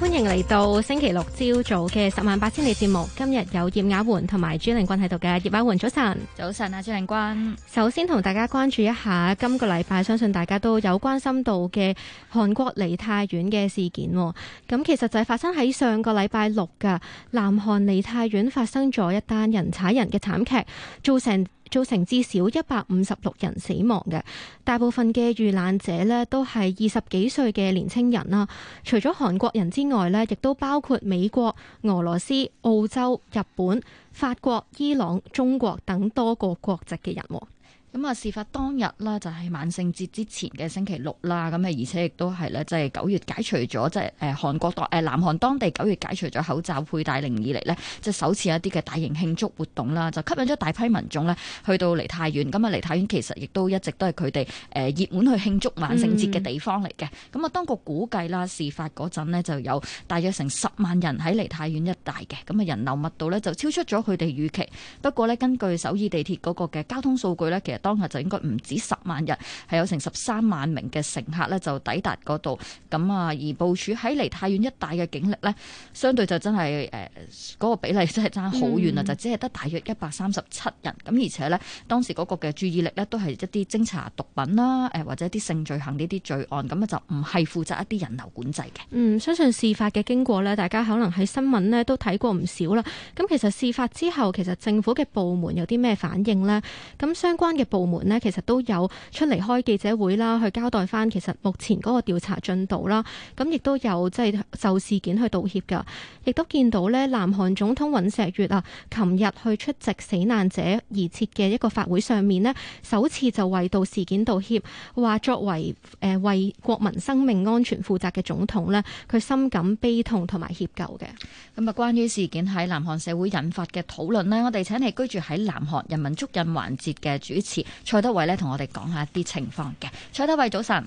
歡迎嚟到星期六朝早嘅十萬八千里節目。今日有葉雅媛同埋朱玲君喺度嘅。葉雅媛，早晨。早晨啊，朱玲君。首先同大家關注一下今個禮拜，相信大家都有關心到嘅韓國梨泰院嘅事件。咁其實就係發生喺上個禮拜六嘅，南韓梨泰院發生咗一單人踩人嘅慘劇，造成。造成至少一百五十六人死亡嘅，大部分嘅遇難者咧都係二十幾歲嘅年青人啦。除咗韓國人之外咧，亦都包括美國、俄羅斯、澳洲、日本、法國、伊朗、中國等多個國籍嘅人。咁啊，事發當日啦，就係萬聖節之前嘅星期六啦，咁啊，而且亦都係咧，即係九月解除咗即係誒韓國當誒、呃、南韓當地九月解除咗口罩佩戴令以嚟呢，即、就、係、是、首次一啲嘅大型慶祝活動啦，就吸引咗大批民眾呢去到梨泰院。咁啊，梨泰院其實亦都一直都係佢哋誒熱門去慶祝萬聖節嘅地方嚟嘅。咁啊、嗯，當局估計啦，事發嗰陣咧就有大約成十萬人喺梨泰院一帶嘅，咁啊人流密度呢，就超出咗佢哋預期。不過呢，根據首爾地鐵嗰個嘅交通數據呢，其實當日就應該唔止十萬人，係有成十三萬名嘅乘客呢就抵達嗰度。咁啊，而部署喺梨泰院一帶嘅警力呢，相對就真係誒嗰個比例真係爭好遠啦，嗯、就只係得大約一百三十七人。咁而且呢，當時嗰個嘅注意力呢都係一啲偵查毒品啦，誒或者啲性罪行呢啲罪案。咁啊就唔係負責一啲人流管制嘅。嗯，相信事發嘅經過呢，大家可能喺新聞呢都睇過唔少啦。咁其實事發之後，其實政府嘅部門有啲咩反應呢？咁相關嘅。部門咧其實都有出嚟開記者會啦，去交代翻其實目前嗰個調查進度啦。咁亦都有即係就事件去道歉嘅，亦都見到呢，南韓總統尹錫悅啊，琴日去出席死難者而設嘅一個法會上面呢，首次就為到事件道歉，話作為誒為國民生命安全負責嘅總統呢，佢深感悲痛同埋歉疚嘅。咁啊，關於事件喺南韓社會引發嘅討論呢，我哋請嚟居住喺南韓人民足印環節嘅主持。蔡德蕙咧，同我哋講下一啲情況嘅。蔡德蕙，早晨。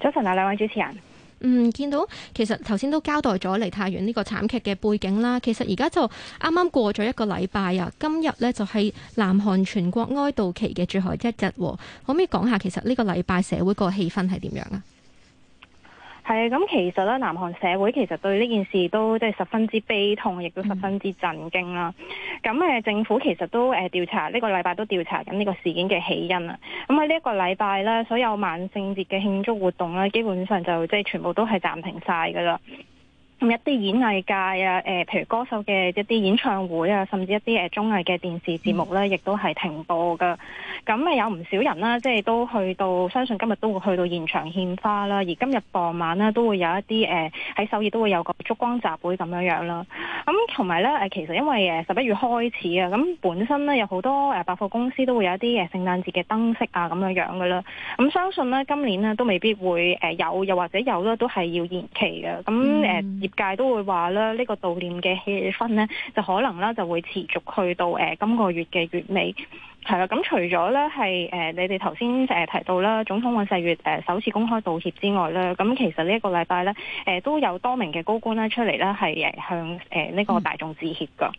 早晨啊，兩位主持人。嗯，見到其實頭先都交代咗梨泰院呢個慘劇嘅背景啦。其實而家就啱啱過咗一個禮拜啊，今日咧就係南韓全國哀悼期嘅最後一日。可唔可以講下其實呢個禮拜社會個氣氛係點樣啊？係啊，咁其實咧，南韓社會其實對呢件事都即係十分之悲痛，亦都十分之震驚啦。咁誒、嗯，政府其實都誒調查，呢、呢個禮拜都調查緊呢個事件嘅起因啊。咁喺呢一個禮拜咧，所有萬聖節嘅慶祝活動咧，基本上就即係全部都係暫停晒㗎啦。一啲演藝界啊，誒、呃，譬如歌手嘅一啲演唱會啊，甚至一啲誒、呃、綜藝嘅電視節目咧，亦都係停播噶。咁誒、呃、有唔少人啦、啊，即係都去到，相信今日都會去到現場獻花啦。而今日傍晚呢，都會有一啲誒喺首爾都會有個燭光集會咁樣樣啦。咁同埋咧誒，其實因為誒十一月開始啊，咁本身咧有好多誒百貨公司都會有一啲誒聖誕節嘅燈飾啊咁樣樣噶啦。咁相信呢，今年呢都未必會誒有，又或者有啦，都係要延期嘅。咁誒。呃嗯界都會話咧，呢、這個悼念嘅氣氛呢，就可能咧就會持續去到誒今、呃這個月嘅月尾，係、啊、啦。咁除咗呢係誒你哋頭先誒提到啦，總統尹錫悅誒、呃、首次公開道歉之外呢，咁、啊、其實呢一個禮拜呢，誒、呃、都有多名嘅高官呢出嚟呢係誒向誒呢、呃這個大眾致歉㗎。嗯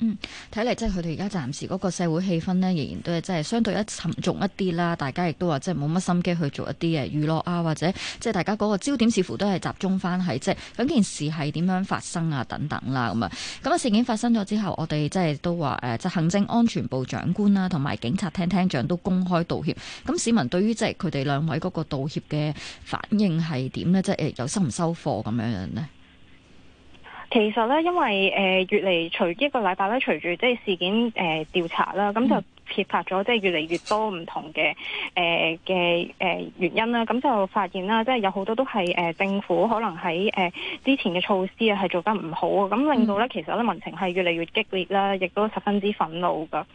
嗯，睇嚟即係佢哋而家暫時嗰個社會氣氛呢，仍然都係即係相對一沉重一啲啦。大家亦都話即係冇乜心機去做一啲嘅娛樂啊，或者即係大家嗰個焦點似乎都係集中翻喺即係咁件事係點樣發生啊等等啦咁啊。咁啊事件發生咗之後，我哋即係都話誒，即行政安全部長官啦、啊，同埋警察廳廳長都公開道歉。咁市民對於即係佢哋兩位嗰個道歉嘅反應係點呢？即係誒，又收唔收貨咁樣呢？其實咧，因為誒、呃、越嚟隨一個禮拜咧，隨住即係事件誒、呃、調查啦，咁就揭發咗即係越嚟越多唔同嘅誒嘅誒原因啦。咁就發現啦，即係有好多都係誒、呃、政府可能喺誒、呃、之前嘅措施啊，係做得唔好，咁令到咧其實咧民情係越嚟越激烈啦，亦都十分之憤怒噶。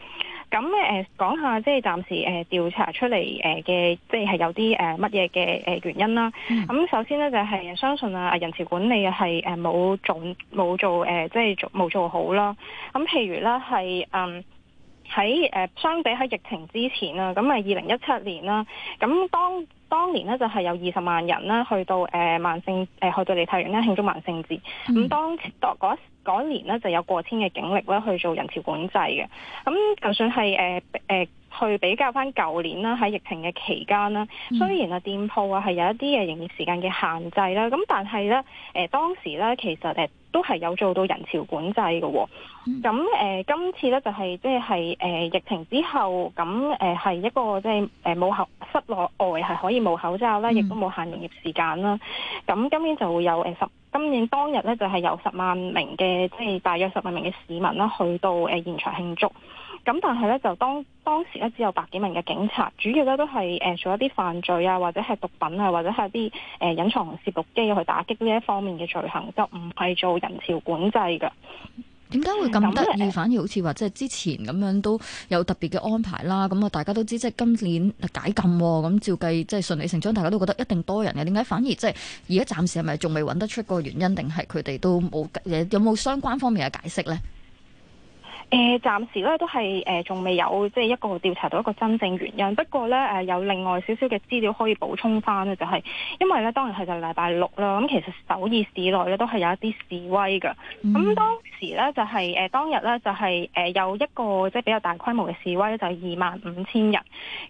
咁誒講下，即係暫時誒調查出嚟誒嘅，即係係有啲誒乜嘢嘅誒原因啦。咁、mm hmm. 首先咧就係相信啊，人潮管理係誒冇做冇做誒，即係冇做好啦。咁譬如啦，係嗯喺誒相比喺疫情之前啦，咁啊二零一七年啦，咁當。當年呢，就係有二十萬人啦，去到誒萬聖誒去到梨泰院咧慶祝萬聖節。咁、嗯、當當嗰年呢，就有過千嘅警力咧去做人潮管制嘅。咁就算係誒誒去比較翻舊年啦，喺疫情嘅期間啦，嗯、雖然啊店鋪啊係有一啲嘅營業時間嘅限制啦，咁但係呢，誒、呃、當時呢其實誒都係有做到人潮管制嘅。咁誒、嗯呃、今次呢、就是，就係即係誒、呃、疫情之後，咁誒係一個即係誒冇合。呃室內外係可以冇口罩啦，亦都冇限營業時間啦。咁今年就會有誒十，今年當日咧就係有十萬名嘅，即係大約十萬名嘅市民啦，去到誒現場慶祝。咁但係咧，就當當時咧只有百幾名嘅警察，主要咧都係誒做一啲犯罪啊，或者係毒品啊，或者係啲誒隱藏涉毒機去打擊呢一方面嘅罪行，就唔係做人潮管制嘅。點解會咁得意？反而好似話即係之前咁樣都有特別嘅安排啦。咁啊，大家都知即係今年解禁咁，照計即係順理成章，大家都覺得一定多人嘅。點解反而即係而家暫時係咪仲未揾得出個原因，定係佢哋都冇有冇相關方面嘅解釋咧？誒、呃、暫時咧都係誒仲未有即係一個調查到一個真正原因。不過咧誒、呃、有另外少少嘅資料可以補充翻咧、就是，就係因為咧當然係就禮拜六啦。咁其實首爾市內咧都係有一啲示威㗎。咁當時咧就係、是、誒、呃、當日咧就係、是、誒、呃、有一個即係比較大規模嘅示威咧，就係二萬五千人。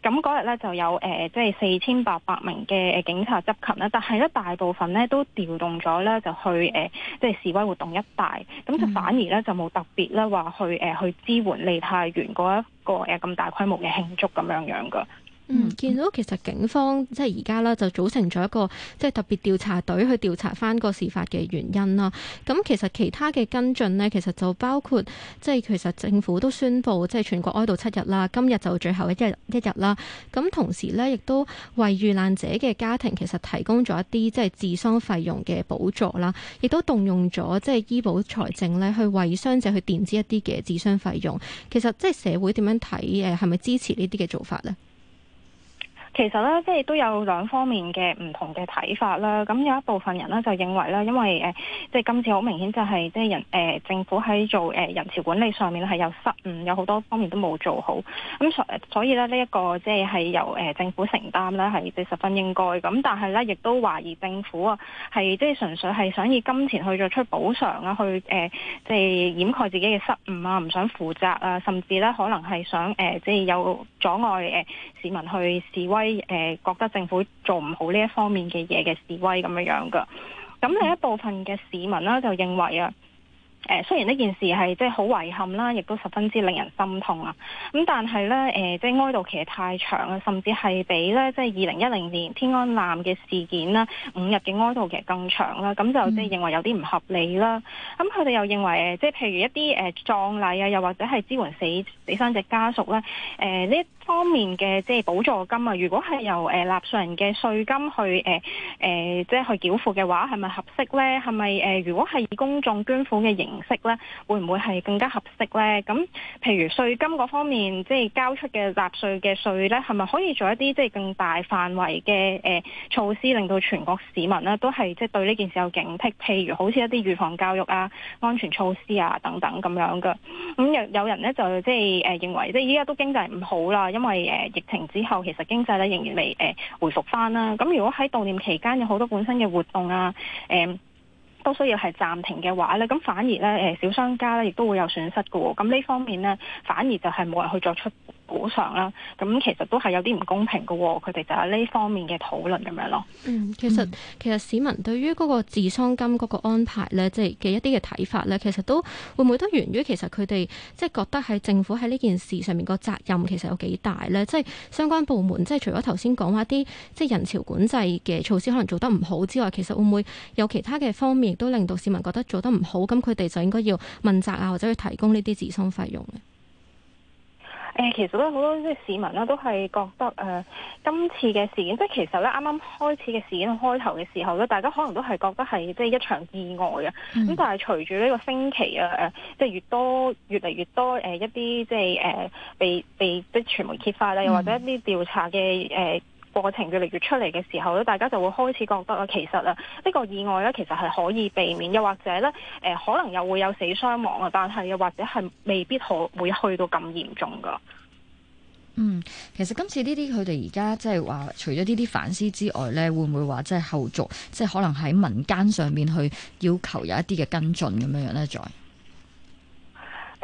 咁嗰日咧就有誒即係四千八百名嘅警察執勤啦。但係咧大部分咧都調動咗咧就去誒、呃、即係示威活動一帶。咁就反而咧就冇特別咧話去。呃誒去支援梨泰院嗰一個誒，咁大規模嘅慶祝咁樣樣噶。嗯，見到其實警方、嗯、即係而家啦，就組成咗一個即係、就是、特別調查隊去調查翻個事發嘅原因啦。咁其實其他嘅跟進呢，其實就包括即係其實政府都宣布即係全國哀悼七日啦，今日就最後一日一日啦。咁同時呢，亦都為遇難者嘅家庭其實提供咗一啲即係治傷費用嘅補助啦，亦都動用咗即係醫保財政呢去為傷者去墊支一啲嘅治傷費用。其實即係社會點樣睇誒，係咪支持呢啲嘅做法呢？其實咧，即係都有兩方面嘅唔同嘅睇法啦。咁有一部分人呢，就認為咧，因為誒，即係今次好明顯就係即係人誒、呃、政府喺做誒人潮管理上面係有失誤，有好多方面都冇做好。咁所所以咧，呢一個即係係由誒政府承擔啦，係即十分應該。咁但係咧，亦都懷疑政府啊，係即係純粹係想以金錢去做出補償啊，去誒即係掩蓋自己嘅失誤啊，唔想負責啊，甚至咧可能係想誒即係有阻礙誒市民去示威。誒，覺得政府做唔好呢一方面嘅嘢嘅示威咁樣樣噶，咁另一部分嘅市民啦就認為啊。誒雖然呢件事係即係好遺憾啦，亦都十分之令人心痛啊！咁但係呢，誒即係哀悼期其實太長啦，甚至係比咧即係二零一零年天安艦嘅事件啦，五日嘅哀悼期更長啦，咁就即係認為有啲唔合理啦。咁佢哋又認為，即係譬如一啲誒葬禮啊，又或者係支援死死傷者家屬呢，誒、呃、呢方面嘅即係補助金啊，如果係由誒納稅人嘅稅金去誒誒、呃、即係去繳付嘅話，係咪合適呢？係咪誒？如果係以公眾捐款嘅形形式咧，會唔會係更加合適咧？咁，譬如稅金嗰方面，即係交出嘅納稅嘅稅咧，係咪可以做一啲即係更大範圍嘅誒、呃、措施，令到全國市民呢都係即係對呢件事有警惕？譬如好似一啲預防教育啊、安全措施啊等等咁樣嘅。咁有有人咧就即係誒、呃、認為，即係依家都經濟唔好啦，因為誒、呃、疫情之後，其實經濟咧仍然未誒、呃、回復翻啦。咁如果喺悼念期間有好多本身嘅活動啊，誒、呃。呃呃都需要係暫停嘅話咧，咁反而咧誒、小商家咧亦都會有損失㗎喎。咁呢方面咧，反而就係冇人去作出。股上啦，咁其實都係有啲唔公平嘅。佢哋就喺呢方面嘅討論咁樣咯。嗯，其實其實市民對於嗰個治喪金嗰個安排咧，即係嘅一啲嘅睇法咧，其實都會唔會都源於其實佢哋即係覺得喺政府喺呢件事上面個責任其實有幾大咧？即係相關部門即係除咗頭先講話啲即係人潮管制嘅措施可能做得唔好之外，其實會唔會有其他嘅方面亦都令到市民覺得做得唔好，咁佢哋就應該要問責啊，或者去提供呢啲治喪費用誒，其實咧好多即係市民咧都係覺得誒、呃，今次嘅事件，即係其實咧啱啱開始嘅事件開頭嘅時候咧，大家可能都係覺得係即係一場意外嘅。咁、嗯、但係隨住呢個星期啊誒、呃，即係越多越嚟越多誒、呃、一啲即係誒被被即係傳媒揭發啦，又或者一啲調查嘅誒。呃過程越嚟越出嚟嘅時候咧，大家就會開始覺得啊，其實啊，呢個意外咧，其實係可以避免，又或者咧，誒，可能又會有死傷亡啊，但係又或者係未必可會去到咁嚴重噶。嗯，其實今次呢啲佢哋而家即係話，除咗呢啲反思之外咧，會唔會話即係後續，即係可能喺民間上面去要求有一啲嘅跟進咁樣樣咧？再。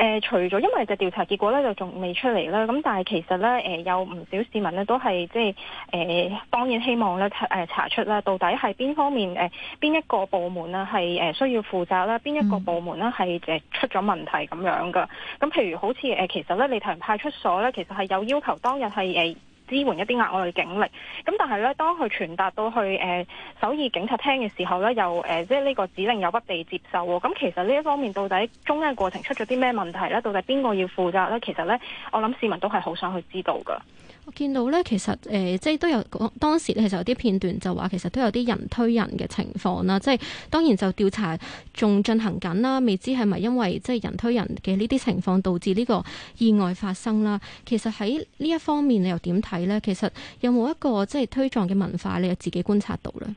誒，除咗因為隻調查結果咧，就仲未出嚟啦。咁但係其實咧，誒有唔少市民咧，都係即係誒，當然希望咧，誒查出啦，到底係邊方面，誒、呃、邊一個部門啦，係誒需要負責啦，邊一個部門啦，係誒出咗問題咁樣噶。咁、嗯、譬如好似誒，其實咧，你提派出所咧，其實係有要求當日係誒。支援一啲額外嘅警力，咁但係咧，當佢傳達到去誒首爾警察廳嘅時候咧，又誒即係呢個指令又不被接受喎。咁、哦、其實呢一方面到底中間過程出咗啲咩問題咧？到底邊個要負責咧？其實咧，我諗市民都係好想去知道噶。我見到咧，其實誒、呃，即係都有當時咧，其實有啲片段就話，其實都有啲人推人嘅情況啦。即係當然就調查仲進行緊啦，未知係咪因為即係人推人嘅呢啲情況導致呢個意外發生啦。其實喺呢一方面你又點睇咧？其實有冇一個即係推撞嘅文化，你又自己觀察到咧？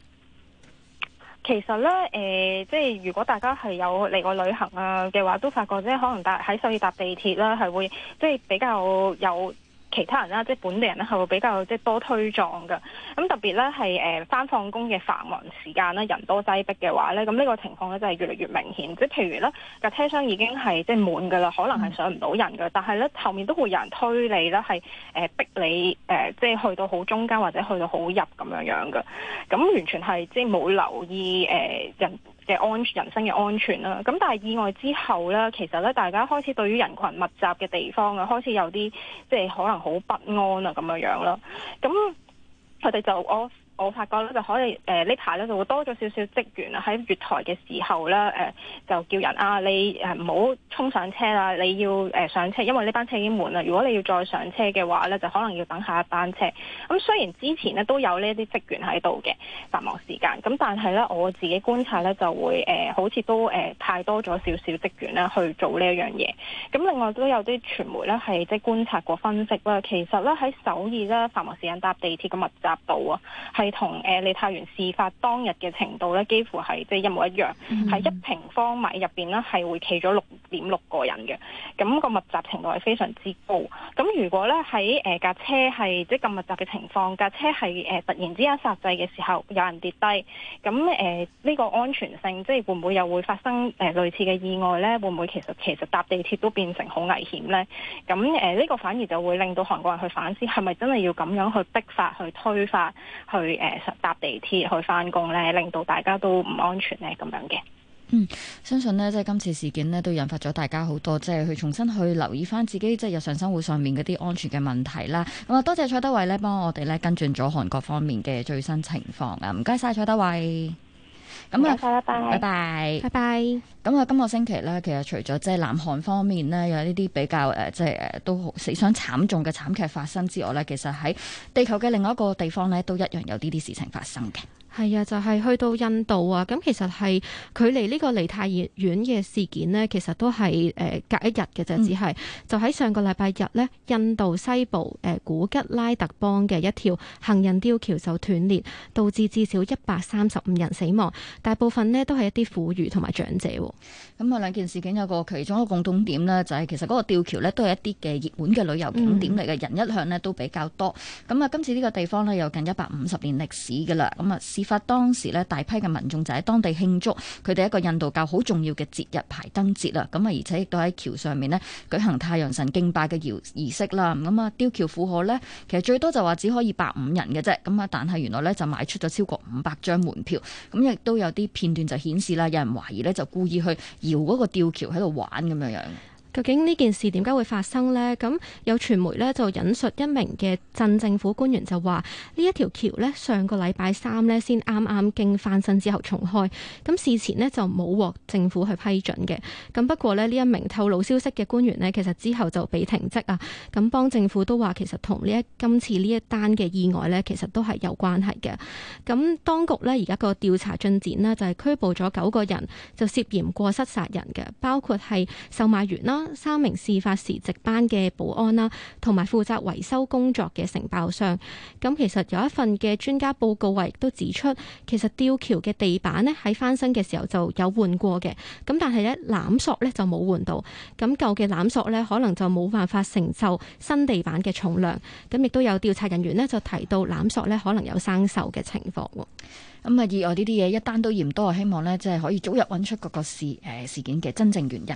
其實咧，誒、呃，即係如果大家係有嚟過旅行啊嘅話，都發覺即係可能搭喺首爾搭地鐵啦，係會即係比較有，其他人啦，即係本地人咧，係會比較即係多推撞噶。咁特別咧係誒返放工嘅繁忙時間咧，人多擠迫嘅話咧，咁呢個情況咧就係越嚟越明顯。即係譬如咧架車廂已經係即係滿噶啦，可能係上唔到人噶，但係咧後面都會有人推你啦，係誒、呃、逼你誒、呃，即係去到好中間或者去到好入咁樣樣噶。咁完全係即係冇留意誒、呃、人。嘅安全、人生嘅安全啦，咁但係意外之後呢，其實呢，大家開始對於人群密集嘅地方啊，開始有啲即係可能好不安啊咁樣樣啦，咁佢哋就我發覺咧，就可以誒，呢排咧，就會多咗少少職員喺月台嘅時候咧，誒，就叫人啊，你誒，唔好衝上車啦，你要誒上車，因為呢班車已經滿啦，如果你要再上車嘅話咧，就可能要等下一班車。咁雖然之前呢都有呢啲職員喺度嘅繁忙時間，咁但係咧，我自己觀察咧，就會誒，好似都誒太多咗少少職員啦，去做呢一樣嘢。咁另外都有啲傳媒咧，係即係觀察過分析啦，其實咧，喺首爾咧，繁忙時間搭地鐵嘅密集度啊係。同誒梨泰院事發當日嘅程度咧，幾乎係即係一模一樣，喺、嗯、一平方米入邊咧係會企咗六點六個人嘅，咁、咁個密集程度係非常之高。咁如果咧喺誒架車係即係咁密集嘅情況，架車係誒、呃、突然之間煞掣嘅時候有人跌低，咁誒呢個安全性即係會唔會又會發生誒類似嘅意外咧？會唔會其實其實搭地鐵都變成好危險咧？咁誒呢個反而就會令到韓國人去反思，係咪真係要咁樣去逼發、去推發、去？誒，搭地鐵去翻工咧，令到大家都唔安全咧，咁樣嘅。嗯，相信呢，即係今次事件呢，都引發咗大家好多，即係去重新去留意翻自己即係日常生活上面嗰啲安全嘅問題啦。咁啊，多謝蔡德蕙呢，幫我哋咧跟進咗韓國方面嘅最新情況啊，唔該晒蔡德蕙。咁啊，拜拜。嗯，拜拜、拜拜。咁啊，今個星期咧，其實除咗即係南韓方面咧有呢啲比較誒、呃，即係誒都好死傷慘重嘅慘劇發生之外咧，其實喺地球嘅另外一個地方咧，都一樣有呢啲事情發生嘅。係啊，就係、是、去到印度啊，咁其實係距離呢個梨泰院嘅事件呢，其實都係誒隔一日嘅啫，只係、嗯、就喺上個禮拜日呢，印度西部誒古吉拉特邦嘅一條行人吊橋就斷裂，導致至少一百三十五人死亡，大部分呢都係一啲婦孺同埋長者。咁啊、嗯、兩件事件有個其中一個共同點呢，就係、是、其實嗰個吊橋呢都係一啲嘅熱門嘅旅遊景點嚟嘅，嗯、人一向呢都比較多。咁啊今次呢個地方呢，有近一百五十年歷史㗎啦，咁啊發當時咧，大批嘅民眾就喺當地慶祝佢哋一個印度教好重要嘅節日——排燈節啦。咁啊，而且亦都喺橋上面咧舉行太陽神敬拜嘅儀儀式啦。咁啊，吊橋負荷咧，其實最多就話只可以百五人嘅啫。咁啊，但係原來咧就賣出咗超過五百張門票。咁亦都有啲片段就顯示啦，有人懷疑咧就故意去搖嗰個吊橋喺度玩咁樣樣。究竟呢件事點解會發生咧？咁有傳媒咧就引述一名嘅鎮政府官員就話呢一條橋咧，上個禮拜三咧先啱啱經翻新之後重開，咁事前咧就冇獲政府去批准嘅。咁不過咧，呢一名透露消息嘅官員咧，其實之後就被停職啊。咁幫政府都話其實同呢一今次呢一單嘅意外咧，其實都係有關係嘅。咁當局咧而家個調查進展咧就係拘捕咗九個人，就涉嫌過失殺人嘅，包括係售賣員啦，三名事發時值班嘅保安啦，同埋負責維修工作嘅承包商。咁其實有一份嘅專家報告，亦都指出，其實吊橋嘅地板呢，喺翻新嘅時候就有換過嘅。咁但係呢，纜索呢就冇換到。咁舊嘅纜索呢，可能就冇辦法承受新地板嘅重量。咁亦都有調查人員呢，就提到纜索呢可能有生銹嘅情況。咁啊，意外呢啲嘢，一單都嫌多，我希望呢，即係可以早日揾出嗰個事誒事件嘅真正原因。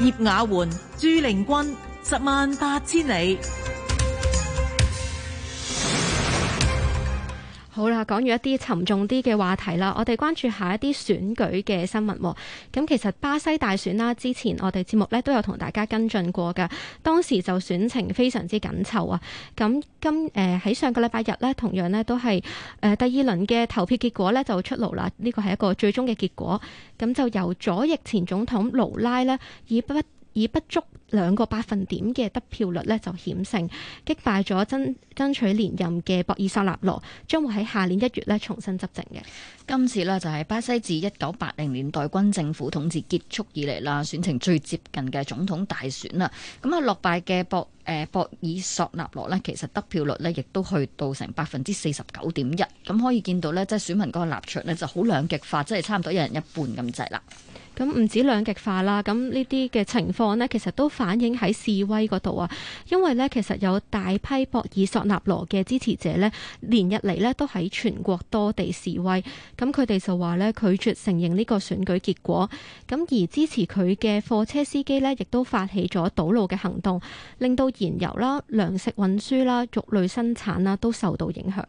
葉雅媛、朱玲君，十萬八千里。好啦，講完一啲沉重啲嘅話題啦，我哋關注下一啲選舉嘅新聞、哦。咁其實巴西大選啦，之前我哋節目呢都有同大家跟進過嘅。當時就選情非常之緊湊啊。咁今誒喺、呃、上個禮拜日呢，同樣呢都係誒、呃、第二輪嘅投票結果呢就出爐啦。呢個係一個最終嘅結果。咁就由左翼前總統盧拉呢以不以不足兩個百分點嘅得票率呢就險勝擊敗咗爭爭取連任嘅博爾索納羅，將會喺下年一月呢重新執政嘅。今次呢，就係、是、巴西自一九八零年代軍政府統治結束以嚟啦，選情最接近嘅總統大選啦。咁啊落敗嘅博誒、呃、博爾索納羅呢，其實得票率呢亦都去到成百分之四十九點一。咁可以見到呢，即係選民個立場呢就好兩極化，即係差唔多一人一半咁滯啦。咁唔止兩極化啦，咁呢啲嘅情況呢，其實都反映喺示威嗰度啊。因為呢，其實有大批博爾索納羅嘅支持者呢，連日嚟呢都喺全國多地示威。咁佢哋就話呢，拒絕承認呢個選舉結果。咁而支持佢嘅貨車司機呢，亦都發起咗堵路嘅行動，令到燃油啦、糧食運輸啦、肉類生產啦都受到影響。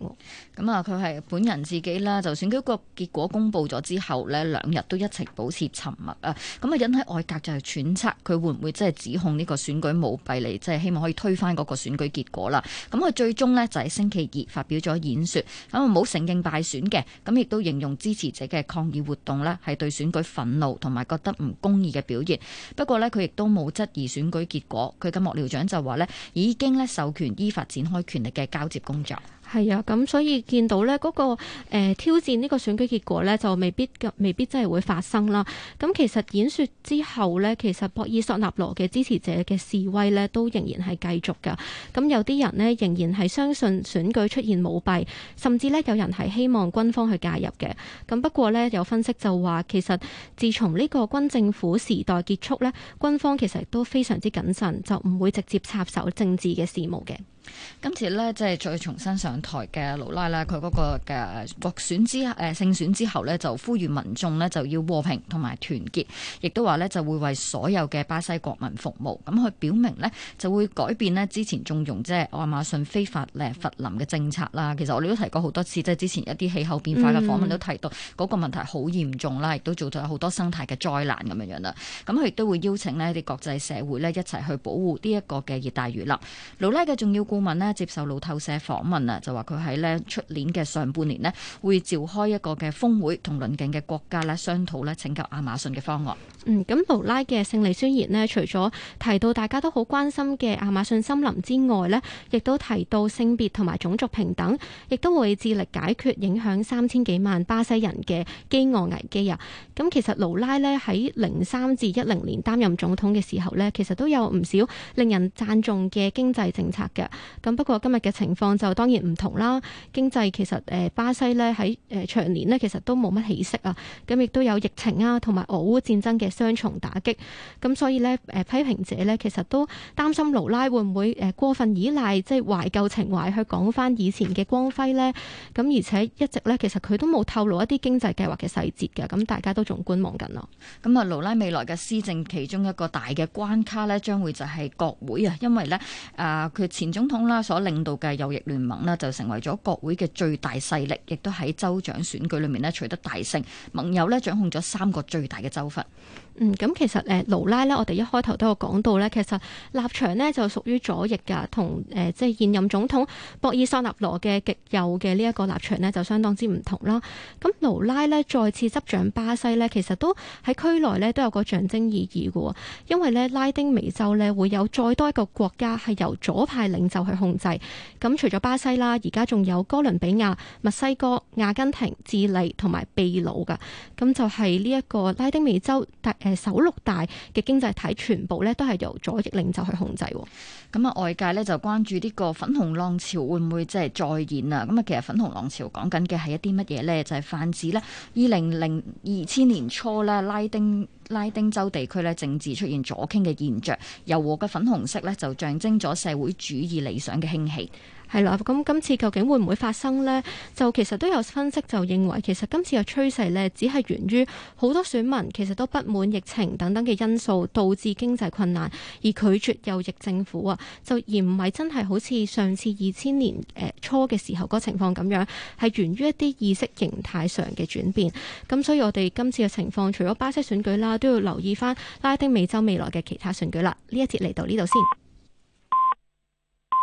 咁啊，佢係本人自己啦，就選舉個結果公佈咗之後呢，兩日都一直保持沉。物啊，咁啊、嗯，引起外界就係揣測佢會唔會即係指控呢個選舉舞弊嚟，即、就、係、是、希望可以推翻嗰個選舉結果啦。咁、嗯、佢最終呢，就喺、是、星期二發表咗演說，咁、嗯、冇承認敗選嘅，咁亦都形容支持者嘅抗議活動呢，係對選舉憤怒同埋覺得唔公義嘅表現。不過呢，佢亦都冇質疑選舉結果。佢嘅幕僚長就話呢，已經呢授權依法展開權力嘅交接工作。係啊，咁所以見到呢嗰、嗰個、呃、挑戰呢個選舉結果呢，就未必未必真係會發生啦。咁其實演說之後呢，其實博爾索納羅嘅支持者嘅示威呢，都仍然係繼續嘅。咁有啲人呢，仍然係相信選舉出現舞弊，甚至呢有人係希望軍方去介入嘅。咁不過呢，有分析就話，其實自從呢個軍政府時代結束呢，軍方其實都非常之謹慎，就唔會直接插手政治嘅事務嘅。今次呢，即係再重新上台嘅盧拉咧，佢嗰、那個嘅獲、啊、選之誒、啊、勝選之後呢，就呼籲民眾呢就要和平同埋團結，亦都話呢，就會為所有嘅巴西國民服務。咁佢表明呢，就會改變呢之前縱容即係亞馬遜非法嘅伐林嘅政策啦。其實我哋都提過好多次，即係之前一啲氣候變化嘅訪問都提到嗰個問題好嚴重啦，亦都造成好多生態嘅災難咁樣樣啦。咁佢亦都會邀請呢啲國際社會呢，一齊去保護呢一個嘅熱帶雨林。盧拉嘅重要顧問咧接受路透社訪問啊，就話佢喺咧出年嘅上半年咧會召開一個嘅峰會，同鄰近嘅國家咧商討咧拯救亞馬遜嘅方案。嗯，咁盧拉嘅勝利宣言咧，除咗提到大家都好關心嘅亞馬遜森林之外咧，亦都提到性別同埋種族平等，亦都會致力解決影響三千幾萬巴西人嘅饑餓危機啊。咁其實盧拉咧喺零三至一零年擔任總統嘅時候咧，其實都有唔少令人讚頌嘅經濟政策嘅。咁不過今日嘅情況就當然唔同啦。經濟其實誒、呃、巴西呢，喺誒、呃、長年呢，其實都冇乜起色啊。咁亦都有疫情啊，同埋俄烏戰爭嘅雙重打擊。咁所以呢，誒、呃、批評者呢，其實都擔心盧拉會唔會誒過分依賴，即係懷舊情懷去講翻以前嘅光輝呢。咁而且一直呢，其實佢都冇透露一啲經濟計劃嘅細節嘅。咁大家都仲觀望緊咯。咁啊，盧拉未來嘅施政其中一個大嘅關卡呢，將會就係國會啊，因為呢，啊、呃、佢前總通啦，所領導嘅右翼聯盟咧，就成為咗國會嘅最大勢力，亦都喺州長選舉裏面咧取得大勝，盟友咧掌控咗三個最大嘅州份。嗯，咁其實誒盧拉咧，我哋一開頭都有講到咧，其實立場咧就屬於左翼噶，同誒即係現任總統博爾索納羅嘅極右嘅呢一個立場咧，就相當之唔同啦。咁盧拉咧再次執掌巴西咧，其實都喺區內咧都有個象徵意義嘅，因為咧拉丁美洲咧會有再多一個國家係由左派領袖去控制。咁除咗巴西啦，而家仲有哥倫比亞、墨西哥、阿根廷、智利同埋秘魯噶，咁就係呢一個拉丁美洲誒，首六、呃、大嘅經濟體全部咧都係由左翼領袖去控制。咁啊、嗯，外界咧就關注呢個粉紅浪潮會唔會即係再現啊？咁、嗯、啊，其實粉紅浪潮講緊嘅係一啲乜嘢呢？就係、是、泛指呢，二零零二千年初呢，拉丁拉丁州地區咧政治出現左傾嘅現象，柔和嘅粉紅色咧就象徵咗社會主義理想嘅興起。係啦，咁今次究竟會唔會發生呢？就其實都有分析，就認為其實今次嘅趨勢呢，只係源於好多選民其實都不滿疫情等等嘅因素，導致經濟困難而拒絕右翼政府啊，就而唔係真係好似上次二千年誒初嘅時候個情況咁樣，係源於一啲意識形態上嘅轉變。咁所以我哋今次嘅情況，除咗巴西選舉啦，都要留意返拉丁美洲未來嘅其他選舉啦。呢一節嚟到呢度先。